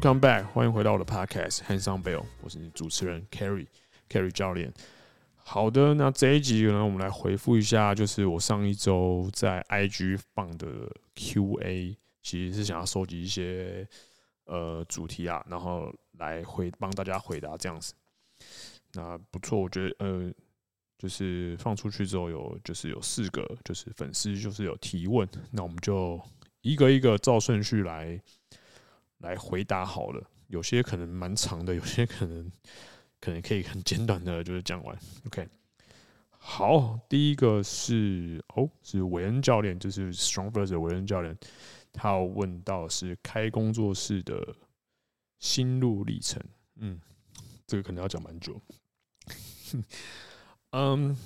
Welcome back，歡迎回到我的 podcast Handsome Bell，我是你主持人 Carrie，Carrie 教練。好的，那這一集呢，我們來回覆一下，就是我上一周在 IG 放的 QA，其實是想要收集一些呃主題啊，然後來回幫大家回答這樣子。那不錯，我覺得嗯、呃，就是放出去之後有就是有四個就是粉絲就是有提問，那我們就一個一個照順序來。來回答好了，有些可能蠻長的，有些可能可能可以很簡短的，就是講完。OK，好，第一個是哦，是韋恩教練，就是 Strong First 的韋恩教練，他有問到的是開工作室的心路歷程。嗯，這個可能要講蠻久。 嗯，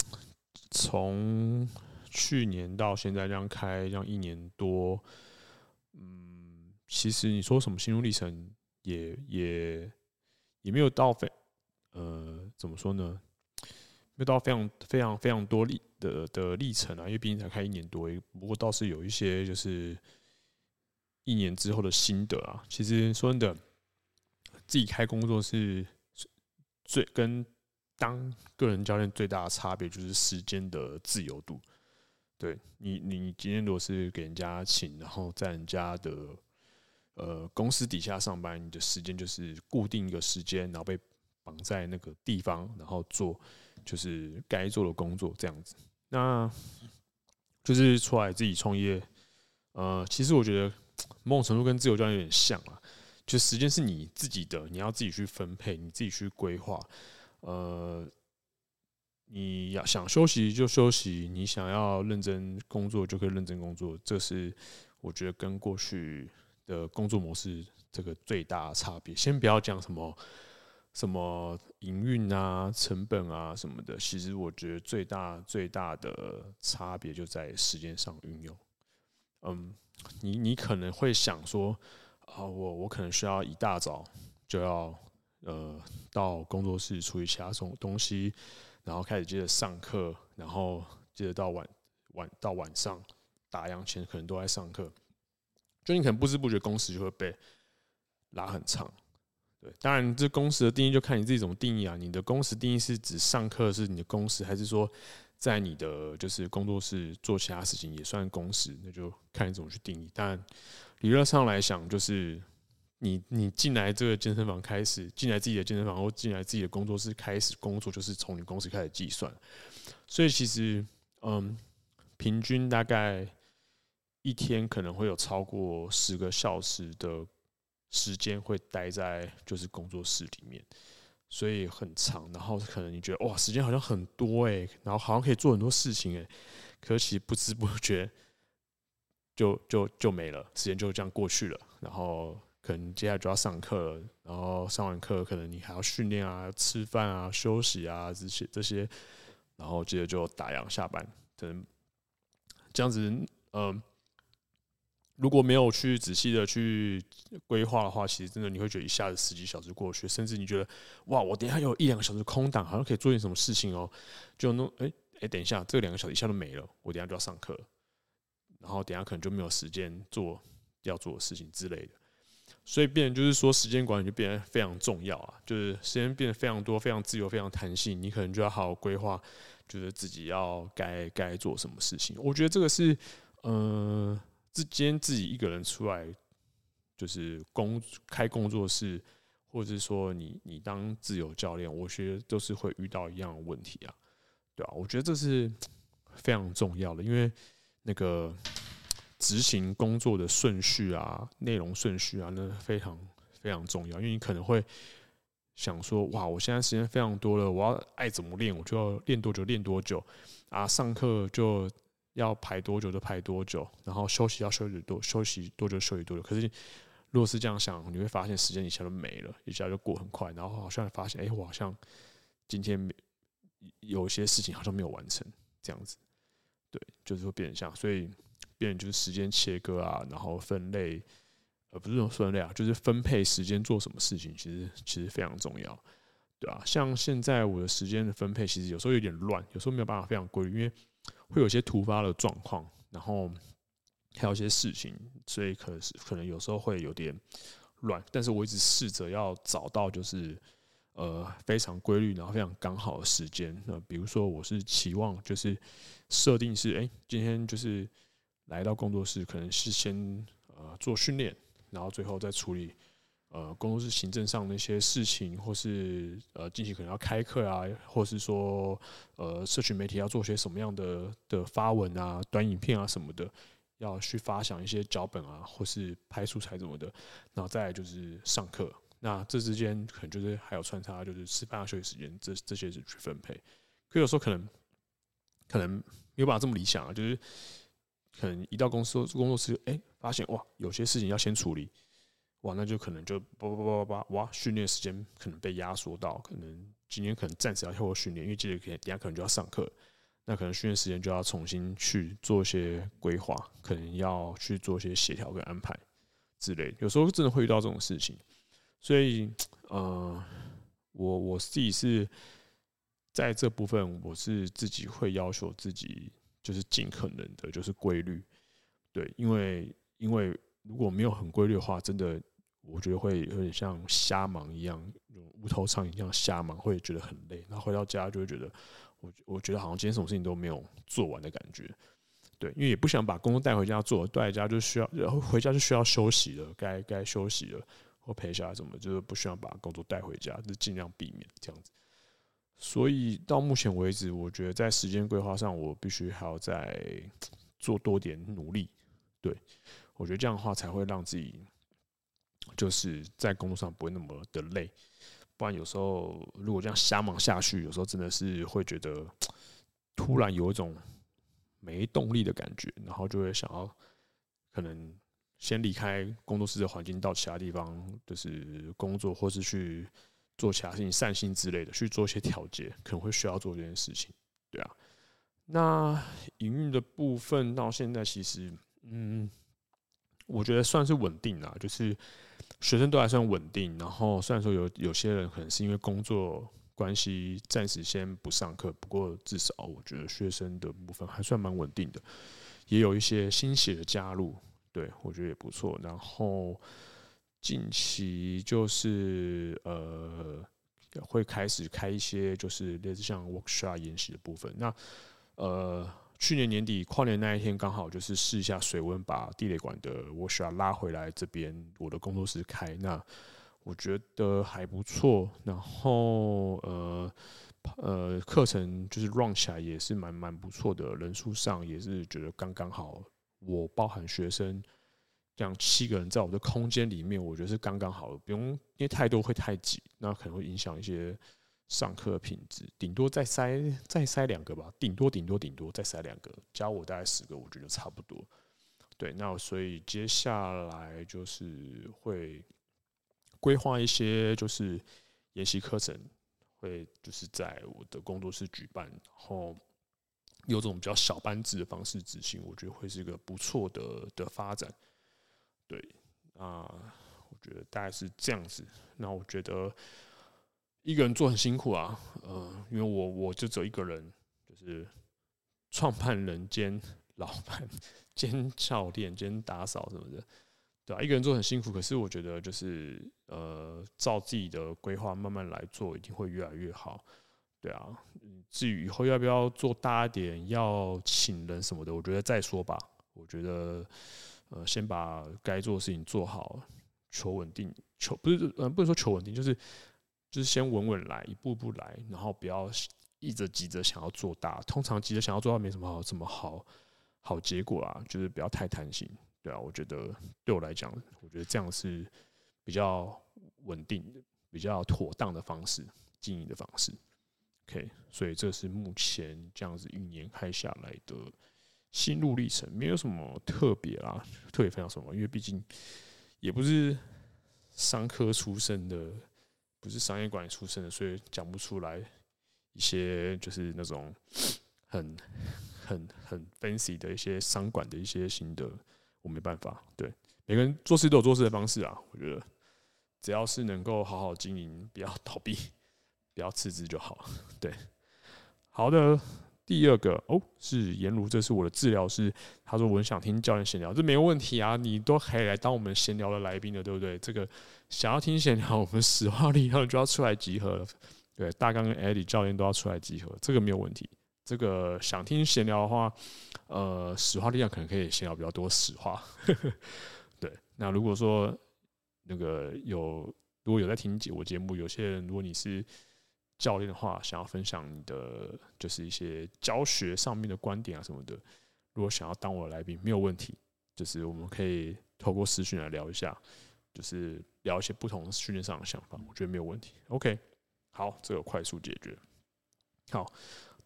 從去年到現在這樣開這樣一年多，嗯。其實你說什麼心路歷程也也也沒有到非呃怎麼說呢？沒有到非常非常非常多的的歷程啊，因為畢竟才開一年多，不過倒是有一些就是一年之後的心得啊。其實說真的，自己開工作室最跟當個人教練最大的差別就是時間的自由度。對你，你今天如果是給人家請，然後在人家的。呃，公司底下上班，你的時間就是固定一個時間，然後被綁在那個地方，然後做就是該做的工作這樣子。那就是出來自己創業，呃，其實我覺得某種程度跟自由教練有點像啊，就時間是你自己的，你要自己去分配，你自己去規劃。呃，你要想休息就休息，你想要認真工作就可以認真工作。這是我覺得跟過去。的工作模式，這個最大的差別，先不要講什麼什麼營運啊、成本啊什麼的。其實我覺得最大最大的差別就在時間上運用。嗯，你你可能會想說啊，我我可能需要一大早就要呃到工作室處理其他什麼東西，然後開始接着上課，然後接着到晚晚到晚上打烊前可能都在上課。就你可能不知不覺，工時就會被拉很長。對，當然這工時的定義就看你自己怎麼定義啊。你的工時定義是指上課是你的工時，還是說在你的就是工作室做其他事情也算工時？那就看你怎麼去定義。但理論上來講，就是你你進來這個健身房開始，進來自己的健身房或進來自己的工作室開始工作，就是從你工時開始計算。所以其實，嗯，平均大概。一天可能會有超過十個小時的時間會待在就是工作室裡面，所以很長。然後可能你覺得哇，時間好像很多誒，然後好像可以做很多事情誒，可是其實不知不覺就就就就沒了，時間就這樣過去了。然後可能接下來就要上課了，然後上完課可能你還要訓練啊、吃飯啊、休息啊這些這些，然後接着就打烊下班，可能這樣子嗯。如果沒有去仔細的去規劃的話，其實真的你會覺得一下子十幾小時過去，甚至你覺得哇，我等一下有一兩個小時空檔，好像可以做點什麼事情哦。就那哎誒，等一下，這兩個小時一下都沒了，我等一下就要上課，然後等一下可能就沒有時間做要做的事情之類的。所以變就是說，時間管理就變得非常重要啊。就是時間變得非常多、非常自由、非常彈性，你可能就要好好規劃，就是自己要該該做什麼事情。我覺得這個是嗯之間自己一個人出來，就是工開工作室，或者是說你你當自由教練，我覺得都是會遇到一樣的問題啊，對啊，我覺得這是非常重要的，因為那個執行工作的順序啊、內容順序啊，那非常非常重要。因為你可能會想說，哇，我現在時間非常多了，我要愛怎麼練我就要練多久練多久啊，上課就。要排多久就排多久，然後休息要休息多久休息多久休息多久。可是，你如果是這樣想，你會發現時間一下都沒了，一下就過很快。然後好像發現，哎、欸，我好像今天有些事情好像沒有完成，這樣子。對，就是說變相，所以變就是時間切割啊，然後分類，而、呃、不是說分類啊，就是分配時間做什麼事情，其實其實非常重要，對啊，像現在我的時間的分配，其實有時候有點亂，有時候沒有辦法非常規律，因為。會有一些突發的狀況，然後還有一些事情，所以可是可能有時候會有點亂。但是我一直試着要找到，就是呃非常規律，然後非常剛好的時間。那比如說，我是期望就是設定是，誒、欸，今天就是來到工作室，可能是先呃做訓練，然後最後再處理。呃，工作室行政上的一些事情，或是呃，近期可能要開課啊，或是說呃，社群媒體要做些什麼樣的的發文啊、短影片啊什麼的，要去發想一些腳本啊，或是拍素材什麼的，然後再就是上課。那這之間可能就是還有穿插，就是吃飯啊、休息時間這這些是去分配。可有時候可能可能沒有辦法這麼理想啊。就是可能一到公司工作室，哎、欸，發現哇，有些事情要先處理。哇，那就可能就叭叭叭叭叭哇！訓練時間可能被壓縮到，可能今天可能暫時要跳過訓練，因為記得可等下可能就要上課，那可能訓練時間就要重新去做一些規劃，可能要去做一些協調跟安排之類。有時候真的會遇到這種事情，所以呃，我我自己是在這部分，我是自己會要求自己就，就是盡可能的就是規律，對，因為因為如果沒有很規律的話，真的。我覺得會有點像瞎忙一樣，無頭蒼蠅一樣瞎忙，會覺得很累。然後回到家就會覺得，我我覺得好像今天什麼事情都沒有做完的感覺。對，因為也不想把工作帶回家做，帶回家就需要，然後回家就需要休息了，該該休息了，或陪小孩什麼，就是不需要把工作帶回家，就盡量避免這樣子。所以到目前為止，我覺得在時間規劃上，我必須還要再做多點努力。對，我覺得這樣的話，才會讓自己，就是在工作上不會那麼的累，不然有時候如果這樣瞎忙下去，有時候真的是會覺得突然有一種沒動力的感覺，然後就會想要可能先離開工作室的環境，到其他地方就是工作，或是去做其他事情、散心之類的，去做一些調節，可能會需要做這件事情，對啊。那營運的部分到現在其實，嗯，我覺得算是穩定啦，就是。學生都還算穩定，然後雖然說有有些人可能是因為工作關係暫時先不上課，不過至少我覺得學生的部分還算蠻穩定的，也有一些新血的加入，對，我覺得也不錯。然後近期就是呃，會開始開一些就是類似像 workshop 研習的部分，那呃。去年年底跨年那一天，剛好就是試一下水溫，把地雷館的我需要拉回來這邊我的工作室開，那我覺得還不錯。然後呃呃，課程就是 run 起來也是蠻蠻不錯的，人數上也是覺得剛剛好。我包含學生這樣七個人在我的空間裡面，我覺得是剛剛好，不用，因為太多會太擠，那可能會影響一些。上課品質，頂多再塞再塞兩個吧，頂多頂多頂多再塞兩個，加我大概十個，我覺得差不多。對，那所以接下來就是會規劃一些就是研習課程，會就是在我的工作室舉辦，然後有這種比較小班制的方式執行，我覺得會是一個不錯的的發展。對，啊，我覺得大概是這樣子。那我覺得。一個人做很辛苦啊，呃，因為我我就只有一個人，就是創辦人兼老闆兼教練兼打掃什麼的，對啊，一個人做很辛苦，可是我覺得就是呃，照自己的規劃慢慢來做，一定會越來越好，對啊。至於以後要不要做大點，要請人什麼的，我覺得再說吧。我覺得呃，先把該做的事情做好，求穩定，求，不是，呃，不能說求穩定，就是。就是先穩穩來，一步一步來，然後不要一直急着想要做大。通常急着想要做大，沒什麼好這麼好好結果啊。就是不要太貪心，對啊，我覺得對我來講，我覺得這樣是比較穩定的、比較妥當的方式經營的方式。OK，所以這是目前這樣子一年開下來的心路歷程，沒有什麼特別啊，特別分享什麼，因為畢竟也不是商科出身的。不是商業管理出身的，所以講不出來一些就是那種很很很 fancy 的一些商管的一些心得，我沒辦法。對，每個人做事都有做事的方式啊，我覺得只要是能夠好好經營，不要倒閉，不要辭職就好。對，好的，第二個哦，是顏如，這是我的治療師，他說我很想聽教練閒聊，這沒問題啊，你都可以來當我們閒聊的來賓的，對不對？這個。想要聽閒聊，我們實話力量就要出來集合。對，大剛跟艾迪教練都要出來集合，這個沒有問題。這個想聽閒聊的話，呃，實話力量可能可以閒聊比較多實話呵呵。對，那如果說那個有，如果有在聽我節目，有些人如果你是教練的話，想要分享你的就是一些教學上面的觀點啊什麼的，如果想要當我的來賓，沒有問題，就是我們可以透過私訊來聊一下。就是聊一些不同訓練上的想法，嗯、我覺得沒有問題。嗯、OK，好，這個快速解決。好，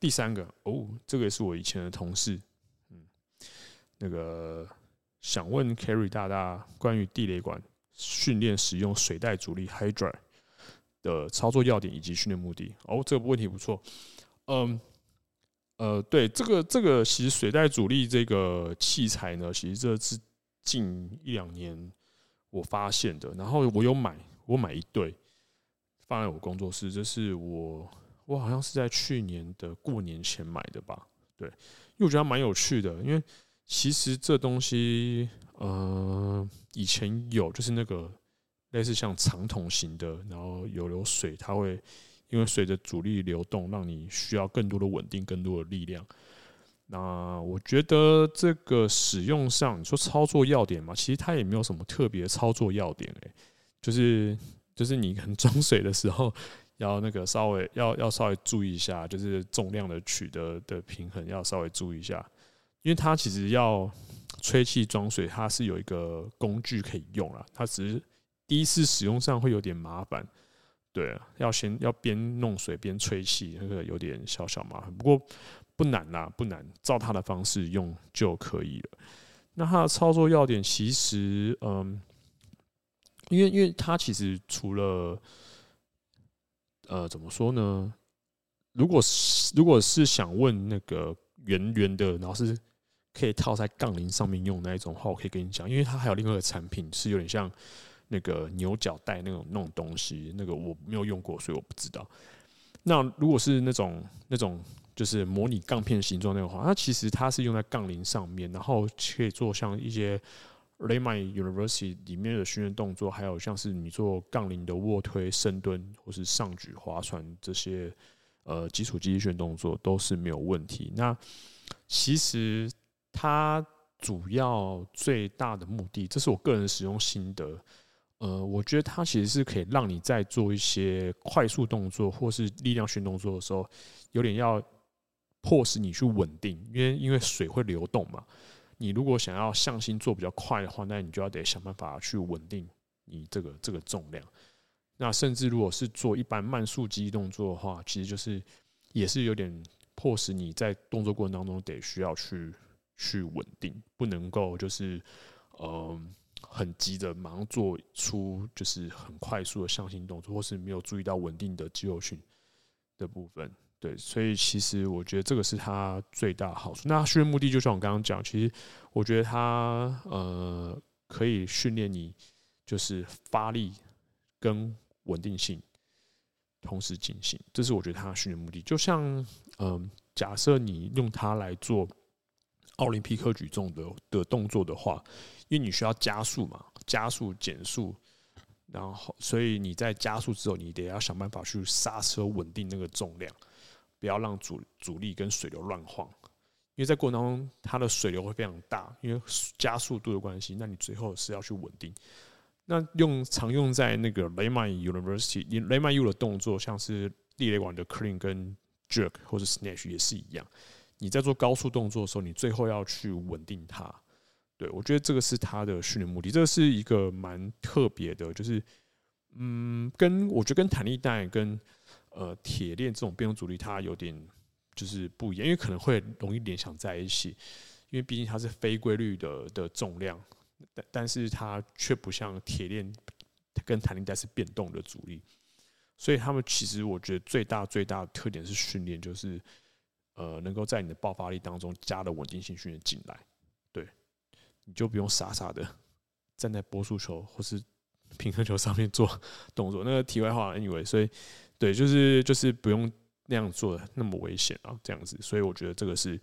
第三個哦，這個也是我以前的同事，嗯，那個想問 Carry 大大關於地雷管訓練使用水袋阻力 Hydra 的操作要點以及訓練目的。哦，這個問題不錯。嗯，呃，對，這個這個其實水袋阻力這個器材呢，其實這是近一兩年。我發現的，然後我有買，我買一對，放在我工作室。這是我，我好像是在去年的過年前買的吧？對，因為我覺得蠻有趣的。因為其實這東西，呃，以前有，就是那個類似像長筒型的，然後有流水，它會因為隨着阻力流動，讓你需要更多的穩定，更多的力量。那我覺得這個使用上，你說操作要點嘛，其實它也沒有什麼特別操作要點誒，就是就是你裝水的時候，要那個稍微要要稍微注意一下，就是重量的取得的平衡要稍微注意一下，因為它其實要吹氣裝水，它是有一個工具可以用了，它只是第一次使用上會有點麻煩，對啊，要先要邊弄水邊吹氣，那個有點小小麻煩，不過。不難啦，不難，照他的方式用就可以了。那它的操作要點其實，嗯，因為，因為他其實除了，呃，怎麼說呢？如果如果是想問那個圓圓的，然後是可以套在槓鈴上面用的那一種的話，我可以跟你講，因為它還有另外一個產品是有點像那個牛角帶那種那種東西，那個我沒有用過，所以我不知道。那如果是那種那種。就是模擬槓片形狀那個，它其實它是用在槓鈴上面，然後可以做像一些 Ray Raymond University 裡面的訓練動作，還有像是你做槓鈴的臥推、深蹲或是上舉、划船這些呃基礎肌訓練動作都是沒有問題。那其實它主要最大的目的，這是我個人的使用心得。呃，我覺得它其實是可以讓你在做一些快速動作或是力量訓練動作的時候，有點要。迫使你去穩定，因為因為水會流動嘛。你如果想要向心做比較快的話，那你就要得想辦法去穩定你這個這個重量。那甚至如果是做一般慢速肌動作的話，其實就是也是有點迫使你在動作過程當中得需要去去穩定，不能夠就是嗯、呃、很急着馬上做出就是很快速的向心動作，或是沒有注意到穩定的肌肉群的部分。對，所以其實我覺得這個是它最大的好處。那訓練目的，就像我剛剛講，其實我覺得它呃，可以訓練你就是發力跟穩定性同時進行。這是我覺得它訓練目的。就像嗯、呃，假設你用它來做奧林匹克舉重的的動作的話，因為你需要加速嘛，加速減速，然後所以你在加速之後，你得要想辦法去剎車，穩定那個重量。不要讓主主力跟水流亂晃，因為在過程當中，它的水流會非常大，因為加速度的關係。那你最後是要去穩定。那用常用在那個雷曼 University，雷曼 U 的動作，像是地雷管的 clean 跟 jerk 或者 snatch 也是一樣。你在做高速動作的時候，你最後要去穩定它。對，我覺得這個是它的訓練目的，這個是一個蠻特別的，就是嗯，跟我覺得跟彈力帶跟。呃，鐵鏈這種變動阻力，它有點就是不一樣，因為可能會容易聯想在一起，因為畢竟它是非規律的的重量，但但是它卻不像鐵鏈跟彈力帶是變動的阻力，所以他們其實我覺得最大最大的特點是訓練，就是呃，能夠在你的爆發力當中加了穩定性訓練進來，對，你就不用傻傻的站在波速球或是平衡球上面做 動作。那個題外話，anyway，所以。對，就是就是不用那樣做，那麼危險啊，這樣子。所以我覺得這個是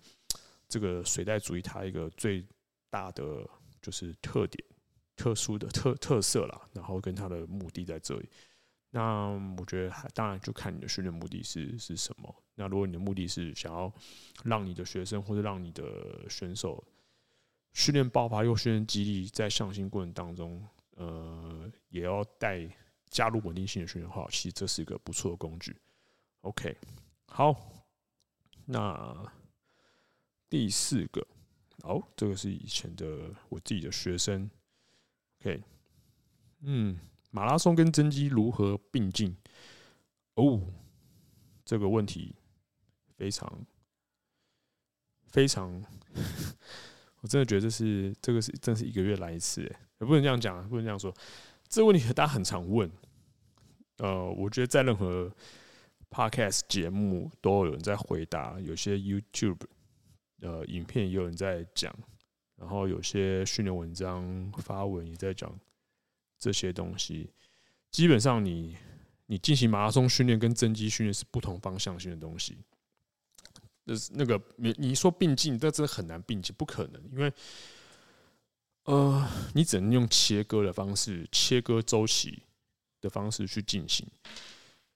這個水袋主義它一個最大的就是特點、特殊的特特色啦。然後跟它的目的在這裡。那我覺得還當然就看你的訓練目的是是什麼。那如果你的目的是想要讓你的學生或者讓你的選手訓練爆發又訓練肌力，在向心過程當中，呃，也要帶，加入穩定性的訓練的話，其實這是一個不錯的工具。OK，好，那第四個，好、哦，這個是以前的我自己的學生。OK，嗯，馬拉松跟增肌如何並進？哦，這個問題非常非常， 我真的覺得這是這個是真是一個月來一次，也不能這樣講，不能這樣說。這個問題大家很常問，呃，我覺得在任何 Podcast 節目都有人在回答，有些 YouTube 呃，影片也有人在講，然後有些訓練文章發文也在講這些東西。基本上你，你你進行馬拉松訓練跟增肌訓練是不同方向性的東西。那、就是、那個你你說並進，但真的很難並進，不可能，因為。呃，你只能用切割的方式，切割周期的方式去進行。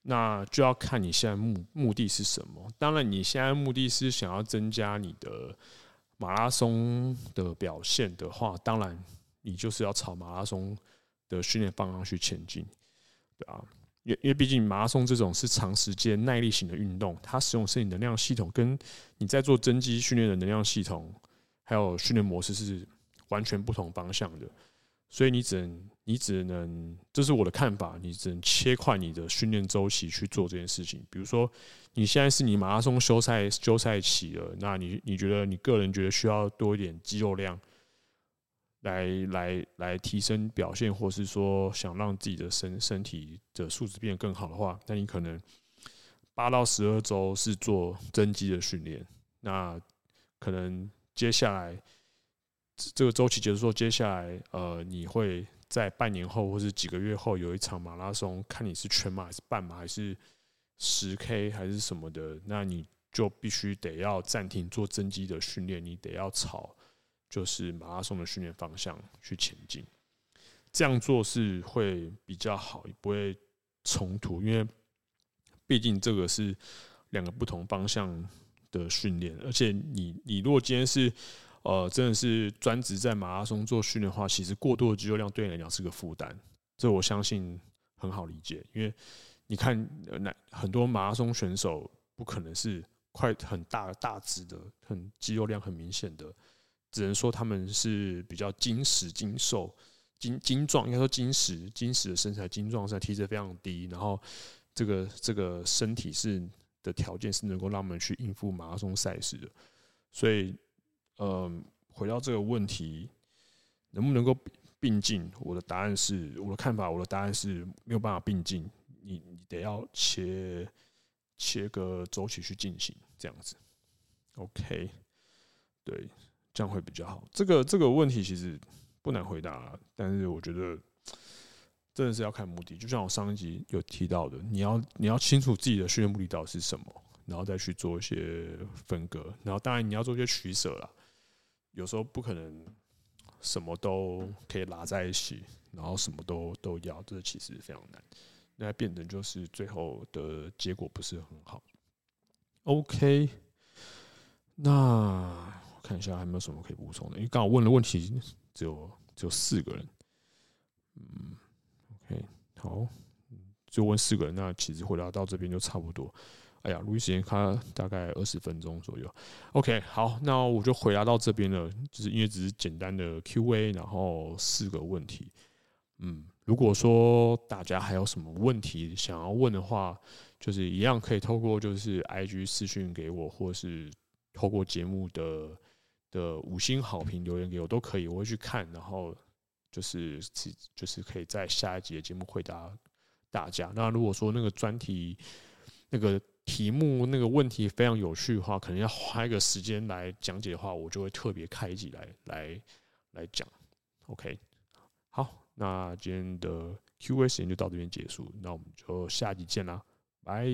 那就要看你現在目目的是什麼。當然，你現在目的是想要增加你的馬拉松的表現的話，當然你就是要朝馬拉松的訓練方向去前進，對啊，因為因為畢竟馬拉松這種是長時間耐力型的運動，它使用的是你能量系統，跟你在做增肌訓練的能量系統，還有訓練模式是。完全不同方向的，所以你只能，你只能，這是我的看法，你只能切換你的訓練週期去做這件事情。比如說，你現在是你馬拉松休賽休賽期了，那你你覺得你個人覺得需要多一點肌肉量來來來提升表現，或是說想讓自己的身身體的素質變得更好的話，那你可能八到十二周是做增肌的訓練，那可能接下來。這個週期結束之後，接下來，呃，你會在半年後或是幾個月後有一場馬拉松，看你是全馬還是半馬，還是十 K 還是什麼的，那你就必須得要暫停做增肌的訓練，你得要朝就是馬拉松的訓練方向去前進。這樣做是會比較好，也不會衝突，因為畢竟這個是兩個不同方向的訓練，而且你你如果今天是。呃，真的是專職在馬拉松做訓練的話，其實過多的肌肉量對你來講是個負擔，這我相信很好理解。因為你看，那很多馬拉松選手不可能是快很大大只的，很肌肉量很明顯的，只能說他們是比較精實、精瘦、精精壯，應該說精實、精實的身材、精壯在體脂非常低，然後這個這個身體是的條件是能夠讓我們去應付馬拉松賽事的，所以。嗯，回到這個問題，能不能夠併進？我的答案是，我的看法，我的答案是沒有辦法併進。你你得要切切割周期去進行這樣子。OK，對，這樣會比較好。這個這個問題其實不難回答啦，但是我覺得真的是要看目的。就像我上一集有提到的，你要你要清楚自己的訓練目的到底是什麼，然後再去做一些分割。然後，當然你要做一些取捨了。有時候不可能什麼都可以拉在一起，然後什麼都都要，這其實非常難，那變成就是最後的結果不是很好。OK，那我看一下還有沒有什麼可以補充的？因為剛好問了問題，只有只有四個人。嗯，OK，好，嗯，就問四個人，那其實回答到這邊就差不多。哎呀，錄音時間差大概二十分鐘左右。OK，好，那我就回答到這邊了，就是因為只是簡單的 Q&A，然後四個問題。嗯，如果說大家還有什麼問題想要問的話，就是一樣可以透過就是 IG 私訊給我，或是透過節目的的五星好評留言給我都可以，我會去看，然後就是就是可以在下一集的節目回答大家。那如果說那個專題那個。題目那個問題非常有趣的話，可能要花一個時間來講解的話，我就會特別開集來來來講。OK，好，那今天的 Q&A 時間就到這邊結束，那我們就下集見啦，拜。